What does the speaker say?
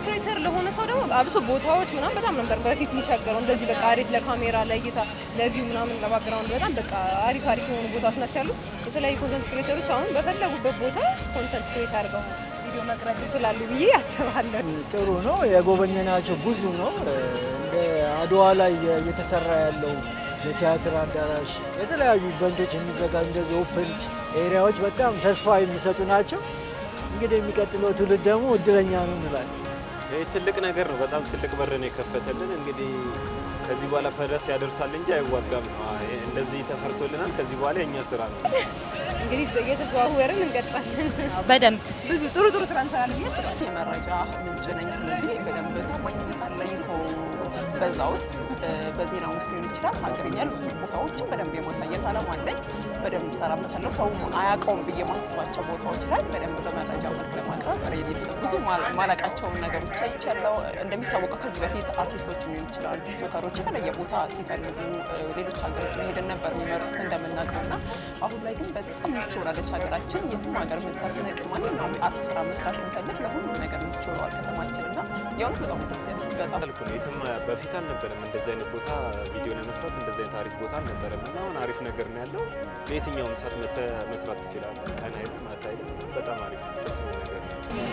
ኮንተንት ክሬተር ለሆነ ሰው ደግሞ አብሶ ቦታዎች ምናምን በጣም ነበር በፊት የሚቸገረው። እንደዚህ በቃ አሪፍ ለካሜራ ለእይታ ለቪው ምናምን ለባክግራውንድ በጣም በቃ አሪፍ አሪፍ የሆኑ ቦታዎች ናቸው ያሉ። የተለያዩ ኮንተንት ክሬተሮች አሁን በፈለጉበት ቦታ ኮንተንት ክሬት አድርገው ቪዲዮ መቅረጥ ይችላሉ ብዬ አስባለሁ። ጥሩ ነው። የጎበኘናቸው ብዙ ነው። እንደ አድዋ ላይ እየተሰራ ያለው የቲያትር አዳራሽ፣ የተለያዩ ኢቨንቶች የሚዘጋጅ እንደዚህ ኦፕን ኤሪያዎች በጣም ተስፋ የሚሰጡ ናቸው። እንግዲህ የሚቀጥለው ትውልድ ደግሞ እድለኛ ነው እንላለን። ይህ ትልቅ ነገር ነው። በጣም ትልቅ በር ነው የከፈተልን። እንግዲህ ከዚህ በኋላ ፈረስ ያደርሳል እንጂ አይዋጋም። እንደዚህ ተሰርቶልናል። ከዚህ በኋላ የእኛ ስራ ነው እንግዲህ እየተዘዋወርን እንገልጻለን። በደንብ ብዙ ጥሩ ጥሩ ስራ እንሰራለን። ስራ የመረጃ ምንጭ ነኝ። ስለዚህ በደንብ ታማኝነት አለኝ። ሰው በዛ ውስጥ በዜና ውስጥ ሊሆን ይችላል። ሀገርኛ ያሉትን ቦታዎችን በደንብ የማሳየት አላማ አለኝ። በደንብ ሰራበታለሁ። ሰው አያውቀውም ብዬ ማስባቸው ቦታዎች ላይ በደንብ በመረጃ መልክ ለማቅረብ ቁጥር የሌለ ብዙ ማላቃቸውን ነገሮች አይቻለው። እንደሚታወቀው ከዚህ በፊት አርቲስቶች ሊሆን ይችላሉ ቲክቶከሮች የተለየ ቦታ ሲፈልጉ ሌሎች ሀገሮች መሄድን ነበር የሚመርጡት እንደምናውቀው እና አሁን ላይ ግን በጣም ምቹ ሆናለች ሀገራችን። የትም ሀገር መታስነቅ ማንኛውም የአርት ስራ መስራት እንፈልግ ለሁሉም ነገር ምቹ ሆነዋል ከተማችን እና የሆኑ በጣም ደስ በጣም የትም በፊት አልነበረም እንደዚህ አይነት ቦታ ቪዲዮ ለመስራት እንደዚህ አይነት አሪፍ ቦታ አልነበረም እና አሁን አሪፍ ነገር ነው ያለው። በየትኛውም ሰዓት መስራት ትችላለህ። ቀን አይልም፣ ማታ አይልም። በጣም አሪፍ ደስ